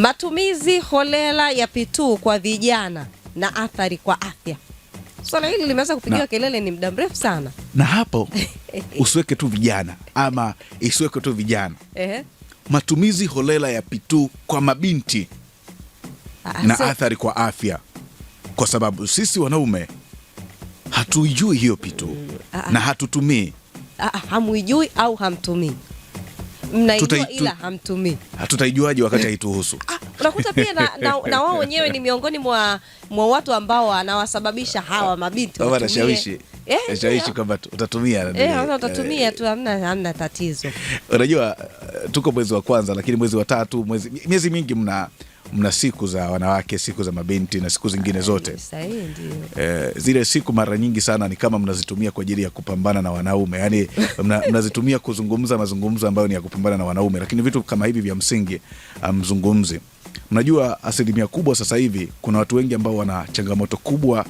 Matumizi holela ya pituu kwa vijana na athari kwa afya. Swala hili limeweza kupigiwa kelele ni muda mrefu sana, na hapo usiweke tu vijana ama isiweke tu vijana Ehe. Matumizi holela ya pituu kwa mabinti Ase. Ah, na athari kwa afya, kwa sababu sisi wanaume hatuijui hiyo pituu mm. Ah, ah. na hatutumii. Hamuijui au hamtumii? mnaijua ila hamtumii. wakati haituhusu? Ah, unakuta pia na, na, na wao wenyewe ni miongoni mwa, mwa watu ambao wanawasababisha hawa mabinti wanashawishi eh, shawishi kwamba utatumia utatumia tu, eh, hamna tatizo. Unajua eh, tuko mwezi wa kwanza, lakini mwezi wa tatu, miezi mingi mna mna siku za wanawake, siku za mabinti na siku zingine zote. E, zile siku mara nyingi sana ni kama mnazitumia kwa ajili ya kupambana na wanaume, yani mna, mnazitumia kuzungumza mazungumzo ambayo ni ya kupambana na wanaume, lakini vitu kama hivi vya msingi mzungumzi. Mnajua asilimia kubwa sasa hivi kuna watu wengi ambao wana changamoto kubwa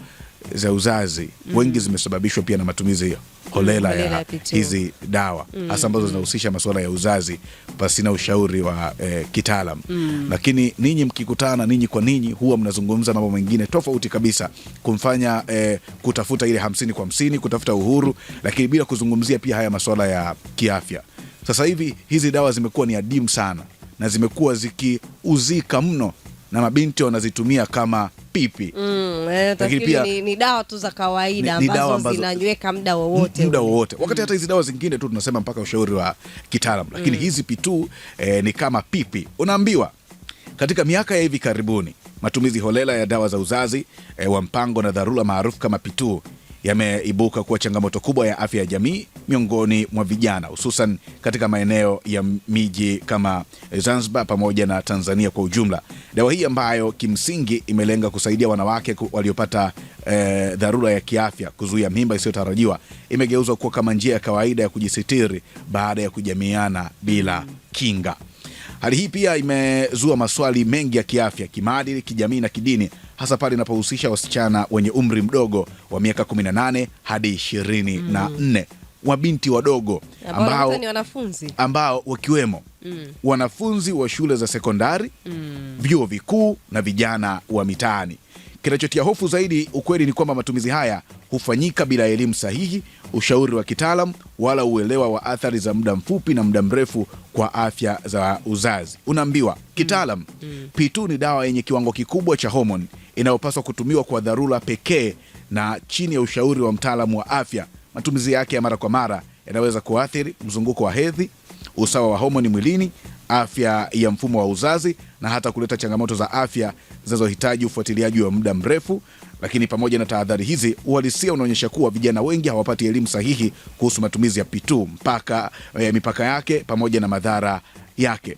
za uzazi mm. wengi zimesababishwa pia na matumizi mm, holela ya hizi dawa mm. hasa mm. ambazo zinahusisha masuala ya uzazi pasina ushauri wa eh, kitaalam mm. Lakini ninyi mkikutana ninyi kwa ninyi, huwa mnazungumza mambo mengine tofauti kabisa, kumfanya eh, kutafuta ile hamsini kwa hamsini, kutafuta uhuru, lakini bila kuzungumzia pia haya masuala ya kiafya. Sasa hivi hizi dawa zimekuwa ni adimu sana na zimekuwa zikiuzika mno na mabinti wanazitumia kama pipi mm, eh, lakini pia ni, dawa tu za kawaida ambazo, ambazo zinanyweka muda wowote muda wowote mm. Wakati hata hizi dawa zingine tu tunasema mpaka ushauri wa kitaalam, lakini mm. hizi pitu eh, ni kama pipi unaambiwa katika miaka ya hivi karibuni matumizi holela ya dawa za uzazi eh, wa mpango na dharura maarufu kama pituu yameibuka kuwa changamoto kubwa ya afya ya jamii miongoni mwa vijana hususan katika maeneo ya miji kama Zanzibar pamoja na Tanzania kwa ujumla. Dawa hii ambayo kimsingi imelenga kusaidia wanawake waliopata eh, dharura ya kiafya kuzuia mimba isiyotarajiwa imegeuzwa kuwa kama njia ya kawaida ya kujisitiri baada ya kujamiana bila kinga. Hali hii pia imezua maswali mengi ya kiafya, kimaadili, kijamii na kidini, hasa pale inapohusisha wasichana wenye umri mdogo wa miaka 18 hadi 24 mm wabinti wadogo ambao, ambao wakiwemo mm. wanafunzi wa shule za sekondari mm. vyuo vikuu na vijana wa mitaani. Kinachotia hofu zaidi, ukweli ni kwamba matumizi haya hufanyika bila elimu sahihi, ushauri wa kitaalam, wala uelewa wa athari za muda mfupi na muda mrefu kwa afya za uzazi. Unaambiwa kitaalam mm. mm. p ni dawa yenye kiwango kikubwa cha homon inayopaswa kutumiwa kwa dharura pekee na chini ya ushauri wa mtaalamu wa afya matumizi yake ya mara kwa mara yanaweza kuathiri mzunguko wa hedhi, usawa wa homoni mwilini, afya ya mfumo wa uzazi na hata kuleta changamoto za afya zinazohitaji ufuatiliaji wa muda mrefu. Lakini pamoja na tahadhari hizi, uhalisia unaonyesha kuwa vijana wengi hawapati elimu sahihi kuhusu matumizi ya P2 mpaka e, mipaka yake pamoja na madhara yake.